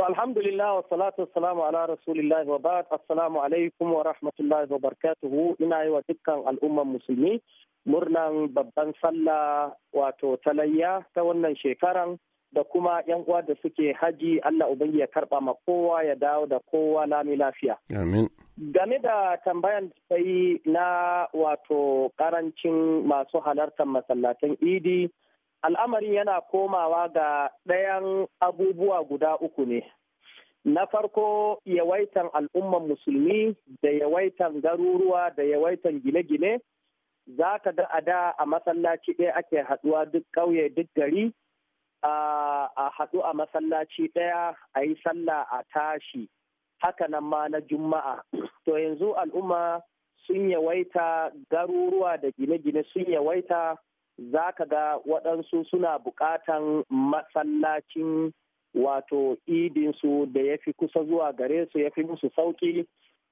To alhamdulillah wa salatu salamu ala rasulillahi wa ba'd assalamu alaikum wa rahmatullahi wa barakatuhu ina yi wa dukkan al'umman musulmi murnan babban sallah wato talayya ta wannan shekaran da kuma yan uwa da suke haji Allah ubangi ya karba ma kowa ya dawo da kowa lami lafiya. Amin. Game da tambayan sai na wato karancin masu halartar masallatan idi al'amarin yana komawa ga ɗayan abubuwa guda uku ne. Na farko yawaitan al'umman musulmi da yawaitan garuruwa da yawaitan gine-gine, za ka ga a da a masallaci ɗaya ake haɗuwa duk ƙauye duk gari, a haɗu a masallaci ɗaya a yi sallah a tashi, haka nan ma na juma'a. To yanzu al'umma sun yawaita garuruwa da gine-gine sun yawaita. za ka ga waɗansu suna buƙatan masallacin wato idinsu da ya fi kusa zuwa gare su ya fi musu sauƙi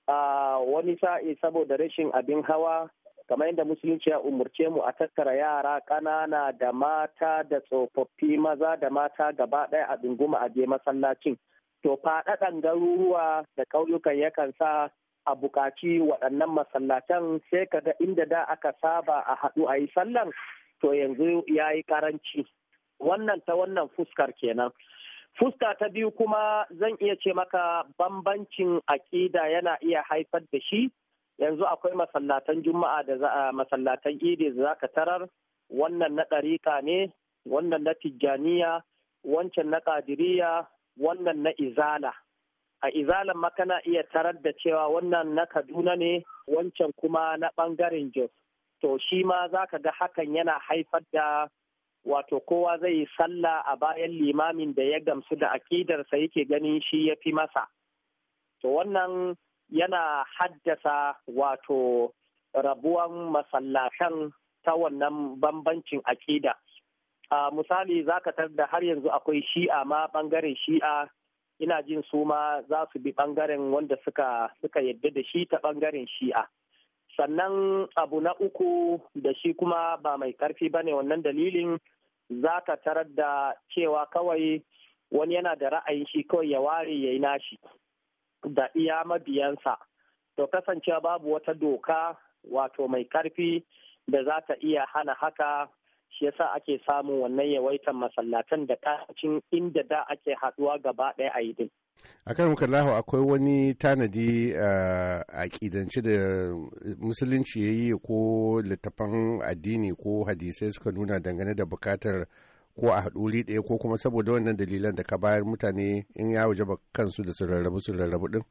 a wani sa'i saboda rashin abin hawa kamar yadda musulunci ya umarce mu a tattara yara ƙanana da mata da tsofaffi maza da mata gaba ɗaya a dunguma a je masallacin to faɗaɗan garuruwa da ƙauyukan yakan sa a buƙaci waɗannan masallatan sai ka ga inda da aka saba a haɗu a yi sallan to yanzu ya yi karanci wannan ta wannan fuskar kenan fuska ta biyu kuma zan iya ce maka bambancin aƙida yana iya haifar da shi yanzu akwai masallatan juma'a da masallatan idi da ka tarar wannan na Ɗarika ne wannan na tijjaniya wancan na ƙadiriya wannan na izala a izalan makana iya tarar da cewa wannan na kaduna ne wancan kuma na ɓangaren jos to shi ma za ka ga hakan yana haifar da wato kowa zai yi sallah a bayan limamin da ya gamsu da akidarsa yake ganin shi ya fi masa to wannan yana haddasa wato rabuwan masallatan ta wannan bambancin akida a misali za ka da har yanzu akwai shi'a ma bangaren shi'a ina jin suma ma za su bi bangaren wanda suka suka yadda da shi ta bangaren shi'a sannan abu na uku da shi kuma ba mai karfi ba ne wannan dalilin za ka tarar da cewa kawai wani yana da ra'ayin shi kawai ya ware ya yi nashi da iya mabiyansa to kasancewa babu wata doka wato mai karfi da za ta iya hana haka shi yasa ake samun wannan yawaitan masallatan da karancin inda da ake haɗuwa gaba ɗaya a yi a kan lahu akwai wani tanadi eh, a ƙidance da musulunci ya yi ko littafan addini ko hadisai suka nuna dangane da bukatar ko a haɗuri ɗaya ko kuma saboda wannan dalilan da ka bayar mutane in ya waje kansu da su rarrabu su rarrabu ɗin.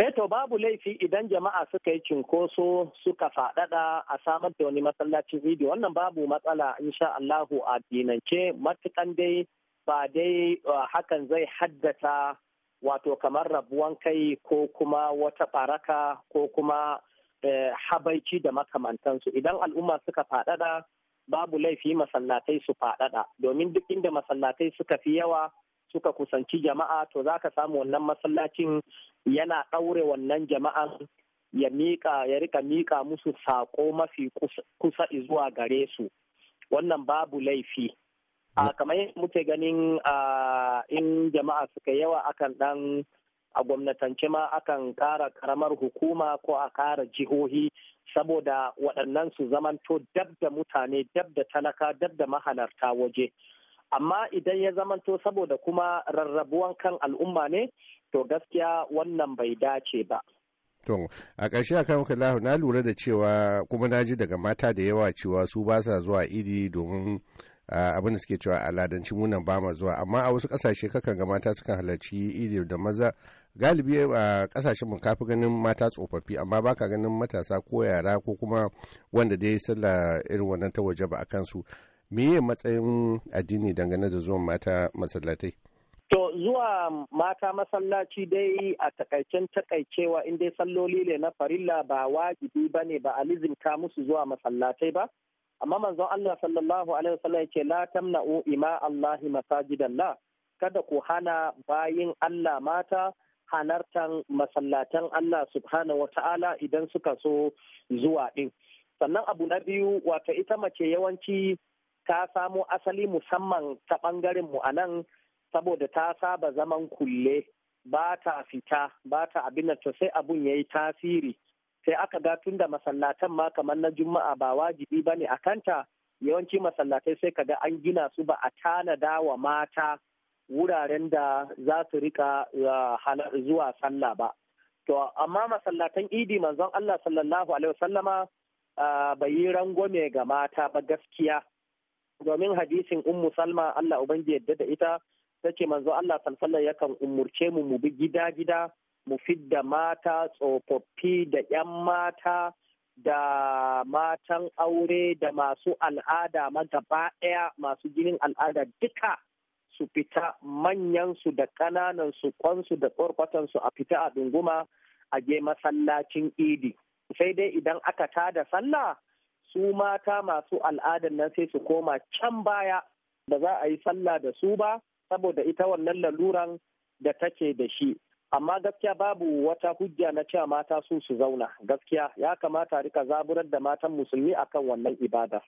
Eto eh, babu laifi idan jama'a suka yi cinkoso suka faɗaɗa a samar da wani masallacin video wannan babu matsala insha Allahu a dinance matukan dai ba dai hakan zai haddasa wato kamar rabuwan kai ko kuma wata baraka ko kuma eh, habaici da makamantansu idan al'umma suka faɗaɗa babu laifi masallatai su faɗaɗa domin duk inda masallatai suka fi yawa suka kusanci jama'a to za ka samu wannan masallacin yana ɗaure wannan jama'a ya mika ya rika miƙa musu sako mafi kusa zuwa gare su wannan babu laifi a kamar yadda muke ganin in jama'a suka yawa akan dan a gwamnatance ma akan kara karamar hukuma ko a kara jihohi saboda waɗannan su zamanto dab da mutane dab da talaka dab da mahalarta waje amma idan ya zamanto saboda kuma rarrabuwan kan al'umma ne to gaskiya wannan bai dace ba to a ƙarshe a kan kula na lura da cewa kuma na ji daga mata da yawa cewa su ba sa zuwa idi domin abin da suke cewa al'adancin munan ba ma zuwa amma a wasu ƙasashe kakan ga mata sukan halarci idi da maza galibi a kasashen mu kafi ganin mata tsofaffi amma baka ganin matasa ko yara ko kuma wanda dai sallah irin wannan ta waje ba a kansu meye matsayin addini dangane da zuwan mata masallatai To zuwa mata masallaci dai a takaicen takaicewa in dai salloli ne na farilla ba wajibi ba ne ba a ka musu zuwa masallatai ba. Amma manzon Allah sallallahu alaihi wasallam yake la tamna'u ima Allahi masajidallah kada ku hana bayin Allah mata hanartan masallatan Allah subhanahu ta'ala idan suka so zuwa ɗin Sannan abu na biyu wata ita mace yawanci ta samo asali musamman ta ɓangaren mu a nan saboda ta saba zaman kulle ba ta fita ba ta abin to sai abun ya yi tasiri sai aka ga tun da masallatan ma kamar na juma'a ba wajibi ba ne a kanta yawanci masallatai sai kaga an gina su ba a tanada wa mata wuraren da za su rika zuwa sallah ba to amma masallatan idi manzon Allah sallallahu alaihi wasallama bai yi rangwame ga mata ba gaskiya domin hadisin ummu salma Allah ubangi yadda da ita Ta ce manzo Allah sallallahu yakan umurce mu mu bi gida gida mu fidda mata tsofaffi da yan mata da matan aure da masu al'ada ma ɗaya masu jinin al'ada duka su fita manyansu da ƙananan su kwansu da tsorkwatansu a fita a ɗunguma a je masallacin idi sai dai idan aka tada sallah su mata masu al'adar nan sai su koma can baya da za a yi sallah da su ba saboda ita wannan laluran da take da shi amma gaskiya babu wata hujja na cewa mata su su zauna gaskiya ya kamata rika zaburar da matan musulmi akan wannan ibada